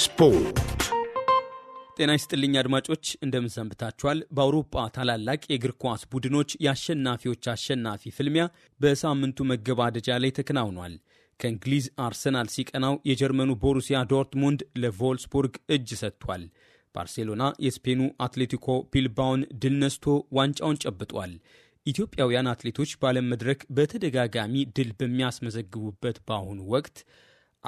ስፖርት ጤና ይስጥልኝ አድማጮች፣ እንደምንሰንብታችኋል። በአውሮፓ ታላላቅ የእግር ኳስ ቡድኖች የአሸናፊዎች አሸናፊ ፍልሚያ በሳምንቱ መገባደጃ ላይ ተከናውኗል። ከእንግሊዝ አርሰናል ሲቀናው የጀርመኑ ቦሩሲያ ዶርትሙንድ ለቮልስቡርግ እጅ ሰጥቷል። ባርሴሎና የስፔኑ አትሌቲኮ ቢልባውን ድል ነስቶ ዋንጫውን ጨብጧል። ኢትዮጵያውያን አትሌቶች በዓለም መድረክ በተደጋጋሚ ድል በሚያስመዘግቡበት በአሁኑ ወቅት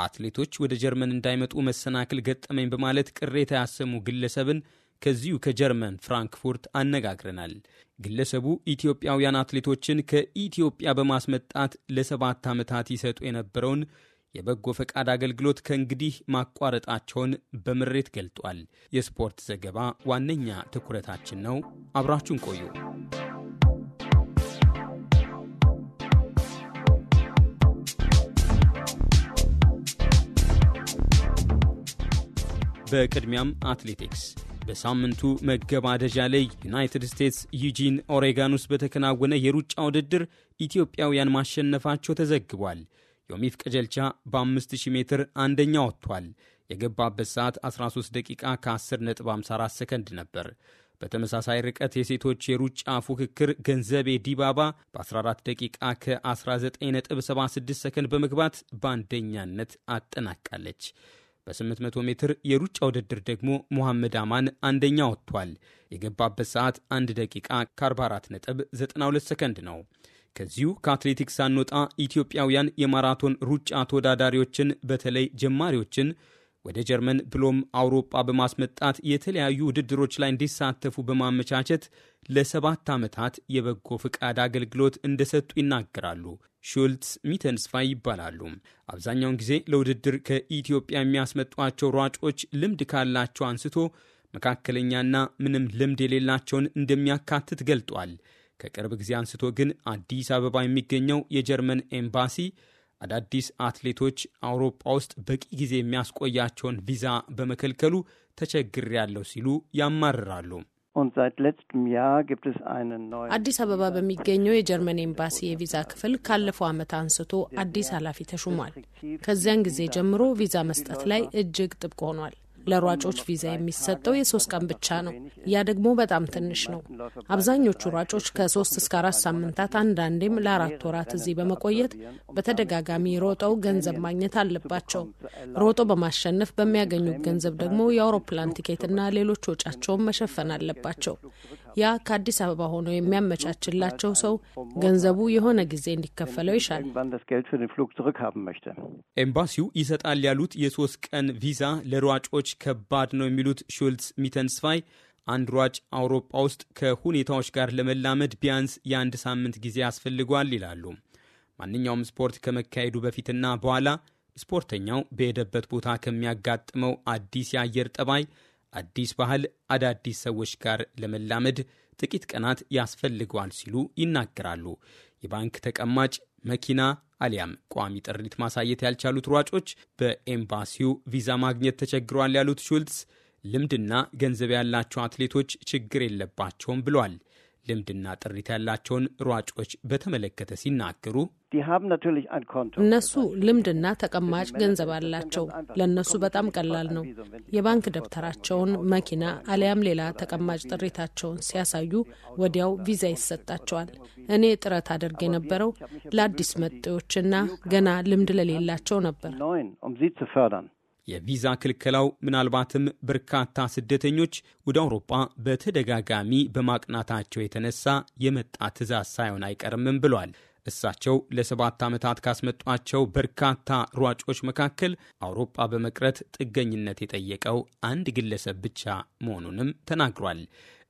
አትሌቶች ወደ ጀርመን እንዳይመጡ መሰናክል ገጠመኝ በማለት ቅሬታ ያሰሙ ግለሰብን ከዚሁ ከጀርመን ፍራንክፉርት አነጋግረናል። ግለሰቡ ኢትዮጵያውያን አትሌቶችን ከኢትዮጵያ በማስመጣት ለሰባት ዓመታት ይሰጡ የነበረውን የበጎ ፈቃድ አገልግሎት ከእንግዲህ ማቋረጣቸውን በምሬት ገልጧል። የስፖርት ዘገባ ዋነኛ ትኩረታችን ነው። አብራችሁን ቆዩ። በቅድሚያም አትሌቲክስ በሳምንቱ መገባደጃ ላይ ዩናይትድ ስቴትስ ዩጂን ኦሬጋን ውስጥ በተከናወነ የሩጫ ውድድር ኢትዮጵያውያን ማሸነፋቸው ተዘግቧል። ዮሚፍ ቀጀልቻ በ5000 ሜትር አንደኛ ወጥቷል። የገባበት ሰዓት 13 ደቂቃ ከ10.54 ሰከንድ ነበር። በተመሳሳይ ርቀት የሴቶች የሩጫ ፉክክር ገንዘቤ ዲባባ በ14 ደቂቃ ከ19.76 ሰከንድ በመግባት በአንደኛነት አጠናቃለች። በ800 ሜትር የሩጫ ውድድር ደግሞ ሙሐመድ አማን አንደኛ ወጥቷል። የገባበት ሰዓት 1 ደቂቃ ከ44 ነጥብ 92 ሰከንድ ነው። ከዚሁ ከአትሌቲክስ ሳንወጣ ኢትዮጵያውያን የማራቶን ሩጫ ተወዳዳሪዎችን በተለይ ጀማሪዎችን ወደ ጀርመን ብሎም አውሮፓ በማስመጣት የተለያዩ ውድድሮች ላይ እንዲሳተፉ በማመቻቸት ለሰባት ዓመታት የበጎ ፍቃድ አገልግሎት እንደሰጡ ይናገራሉ። ሹልትስ ሚተንስፋ ይባላሉ። አብዛኛውን ጊዜ ለውድድር ከኢትዮጵያ የሚያስመጧቸው ሯጮች ልምድ ካላቸው አንስቶ መካከለኛና ምንም ልምድ የሌላቸውን እንደሚያካትት ገልጧል። ከቅርብ ጊዜ አንስቶ ግን አዲስ አበባ የሚገኘው የጀርመን ኤምባሲ አዳዲስ አትሌቶች አውሮፓ ውስጥ በቂ ጊዜ የሚያስቆያቸውን ቪዛ በመከልከሉ ተቸግሬያለሁ ሲሉ ያማርራሉ። አዲስ አበባ በሚገኘው የጀርመን ኤምባሲ የቪዛ ክፍል ካለፈው ዓመት አንስቶ አዲስ ኃላፊ ተሹሟል። ከዚያን ጊዜ ጀምሮ ቪዛ መስጠት ላይ እጅግ ጥብቅ ሆኗል። ለሯጮች ቪዛ የሚሰጠው የሶስት ቀን ብቻ ነው። ያ ደግሞ በጣም ትንሽ ነው። አብዛኞቹ ሯጮች ከሶስት እስከ አራት ሳምንታት አንዳንዴም ለአራት ወራት እዚህ በመቆየት በተደጋጋሚ ሮጠው ገንዘብ ማግኘት አለባቸው። ሮጦ በማሸነፍ በሚያገኙት ገንዘብ ደግሞ የአውሮፕላን ቲኬትና ሌሎች ወጫቸውን መሸፈን አለባቸው። ያ ከአዲስ አበባ ሆኖ የሚያመቻችላቸው ሰው ገንዘቡ የሆነ ጊዜ እንዲከፈለው ይሻል። ኤምባሲው ይሰጣል ያሉት የሶስት ቀን ቪዛ ለሯጮች ከባድ ነው የሚሉት ሹልትስ ሚተንስፋይ አንድ ሯጭ አውሮፓ ውስጥ ከሁኔታዎች ጋር ለመላመድ ቢያንስ የአንድ ሳምንት ጊዜ ያስፈልጓል ይላሉ። ማንኛውም ስፖርት ከመካሄዱ በፊትና በኋላ ስፖርተኛው በሄደበት ቦታ ከሚያጋጥመው አዲስ የአየር ጠባይ አዲስ ባህል አዳዲስ ሰዎች ጋር ለመላመድ ጥቂት ቀናት ያስፈልገዋል ሲሉ ይናገራሉ። የባንክ ተቀማጭ፣ መኪና አሊያም ቋሚ ጥሪት ማሳየት ያልቻሉት ሯጮች በኤምባሲው ቪዛ ማግኘት ተቸግረዋል ያሉት ሹልትስ ልምድና ገንዘብ ያላቸው አትሌቶች ችግር የለባቸውም ብሏል። ልምድና ጥሪት ያላቸውን ሯጮች በተመለከተ ሲናገሩ እነሱ ልምድና ተቀማጭ ገንዘብ አላቸው። ለእነሱ በጣም ቀላል ነው። የባንክ ደብተራቸውን፣ መኪና አሊያም ሌላ ተቀማጭ ጥሪታቸውን ሲያሳዩ ወዲያው ቪዛ ይሰጣቸዋል። እኔ ጥረት አድርግ የነበረው ለአዲስ መጤዎችና ገና ልምድ ለሌላቸው ነበር። um የቪዛ ክልከላው ምናልባትም በርካታ ስደተኞች ወደ አውሮፓ በተደጋጋሚ በማቅናታቸው የተነሳ የመጣ ትዕዛዝ ሳይሆን አይቀርምም ብሏል። እሳቸው ለሰባት ዓመታት ካስመጧቸው በርካታ ሯጮች መካከል አውሮፓ በመቅረት ጥገኝነት የጠየቀው አንድ ግለሰብ ብቻ መሆኑንም ተናግሯል።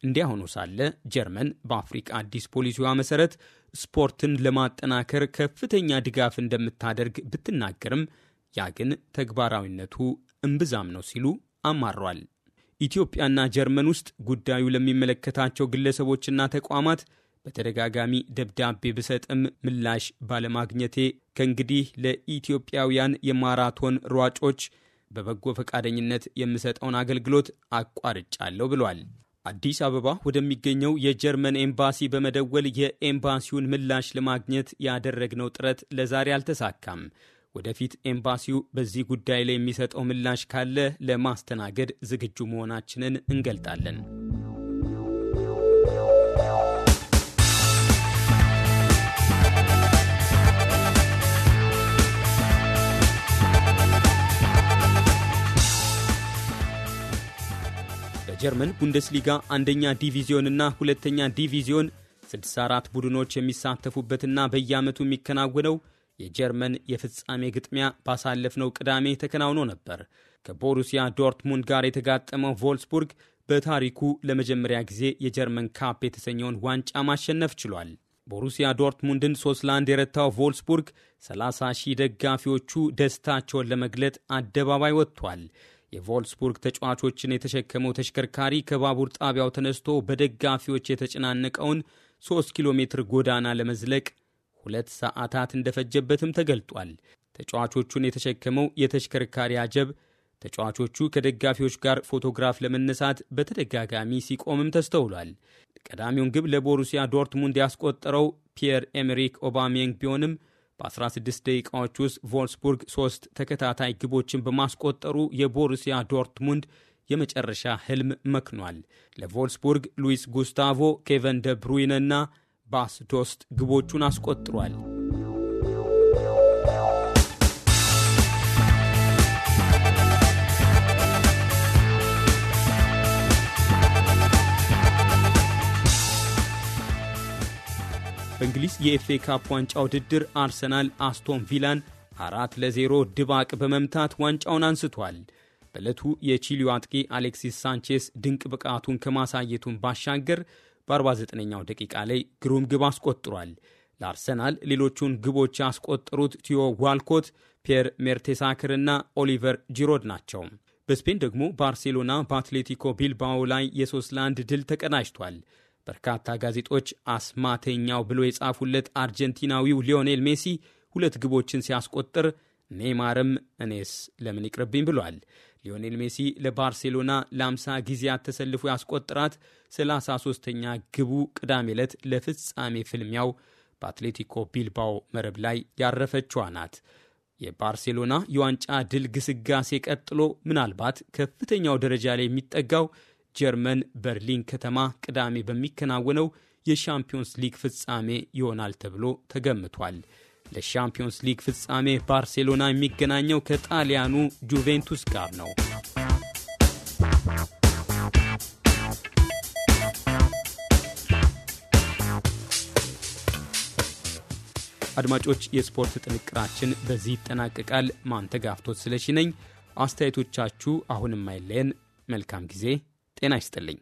እንዲያ ሆኖ ሳለ ጀርመን በአፍሪቃ አዲስ ፖሊሲዋ መሰረት ስፖርትን ለማጠናከር ከፍተኛ ድጋፍ እንደምታደርግ ብትናገርም ያ ግን ተግባራዊነቱ እምብዛም ነው ሲሉ አማሯል። ኢትዮጵያና ጀርመን ውስጥ ጉዳዩ ለሚመለከታቸው ግለሰቦችና ተቋማት በተደጋጋሚ ደብዳቤ ብሰጥም ምላሽ ባለማግኘቴ ከእንግዲህ ለኢትዮጵያውያን የማራቶን ሯጮች በበጎ ፈቃደኝነት የምሰጠውን አገልግሎት አቋርጫለሁ ብሏል። አዲስ አበባ ወደሚገኘው የጀርመን ኤምባሲ በመደወል የኤምባሲውን ምላሽ ለማግኘት ያደረግነው ጥረት ለዛሬ አልተሳካም። ወደፊት ኤምባሲው በዚህ ጉዳይ ላይ የሚሰጠው ምላሽ ካለ ለማስተናገድ ዝግጁ መሆናችንን እንገልጣለን። በጀርመን ቡንደስሊጋ አንደኛ ዲቪዚዮንና ሁለተኛ ዲቪዚዮን 64 ቡድኖች የሚሳተፉበትና በየዓመቱ የሚከናወነው የጀርመን የፍጻሜ ግጥሚያ ባሳለፍነው ቅዳሜ ተከናውኖ ነበር። ከቦሩሲያ ዶርትሙንድ ጋር የተጋጠመው ቮልስቡርግ በታሪኩ ለመጀመሪያ ጊዜ የጀርመን ካፕ የተሰኘውን ዋንጫ ማሸነፍ ችሏል። ቦሩሲያ ዶርትሙንድን ሶስት ለአንድ የረታው ቮልስቡርግ 30 ሺህ ደጋፊዎቹ ደስታቸውን ለመግለጥ አደባባይ ወጥቷል። የቮልስቡርግ ተጫዋቾችን የተሸከመው ተሽከርካሪ ከባቡር ጣቢያው ተነስቶ በደጋፊዎች የተጨናነቀውን 3 ኪሎ ሜትር ጎዳና ለመዝለቅ ሁለት ሰዓታት እንደፈጀበትም ተገልጧል። ተጫዋቾቹን የተሸከመው የተሽከርካሪ አጀብ ተጫዋቾቹ ከደጋፊዎች ጋር ፎቶግራፍ ለመነሳት በተደጋጋሚ ሲቆምም ተስተውሏል። ቀዳሚውን ግብ ለቦሩሲያ ዶርትሙንድ ያስቆጠረው ፒየር ኤምሪክ ኦባሜንግ ቢሆንም በ16 ደቂቃዎች ውስጥ ቮልስቡርግ ሶስት ተከታታይ ግቦችን በማስቆጠሩ የቦሩሲያ ዶርትሙንድ የመጨረሻ ህልም መክኗል። ለቮልስቡርግ ሉዊስ ጉስታቮ፣ ኬቨን ደብሩይነና ባስዶስት ግቦቹን አስቆጥሯል። በእንግሊዝ የኤፍኤ ካፕ ዋንጫ ውድድር አርሰናል አስቶን ቪላን አራት ለዜሮ ድባቅ በመምታት ዋንጫውን አንስቷል። በዕለቱ የቺሊው አጥቂ አሌክሲስ ሳንቼስ ድንቅ ብቃቱን ከማሳየቱን ባሻገር በ49ኛው ደቂቃ ላይ ግሩም ግብ አስቆጥሯል። ለአርሰናል ሌሎቹን ግቦች ያስቆጠሩት ቲዮ ዋልኮት፣ ፒየር ሜርቴሳክር እና ኦሊቨር ጂሮድ ናቸው። በስፔን ደግሞ ባርሴሎና በአትሌቲኮ ቢልባኦ ላይ የሶስት ለአንድ ድል ተቀዳጅቷል። በርካታ ጋዜጦች አስማተኛው ብሎ የጻፉለት አርጀንቲናዊው ሊዮኔል ሜሲ ሁለት ግቦችን ሲያስቆጥር ኔይማርም እኔስ ለምን ይቅርብኝ ብሏል። ሊዮኔል ሜሲ ለባርሴሎና ለ50 ጊዜያት ተሰልፎ ያስቆጠራት 33ኛ ግቡ ቅዳሜ ዕለት ለፍጻሜ ፍልሚያው በአትሌቲኮ ቢልባኦ መረብ ላይ ያረፈችዋ ናት። የባርሴሎና የዋንጫ ድል ግስጋሴ ቀጥሎ ምናልባት ከፍተኛው ደረጃ ላይ የሚጠጋው ጀርመን በርሊን ከተማ ቅዳሜ በሚከናወነው የሻምፒዮንስ ሊግ ፍጻሜ ይሆናል ተብሎ ተገምቷል። ለሻምፒዮንስ ሊግ ፍጻሜ ባርሴሎና የሚገናኘው ከጣሊያኑ ጁቬንቱስ ጋር ነው። አድማጮች፣ የስፖርት ጥንቅራችን በዚህ ይጠናቀቃል። ማንተጋፍቶት ስለሺ ነኝ። አስተያየቶቻችሁ አሁንም አይለየን። መልካም ጊዜ። ጤና ይስጥልኝ።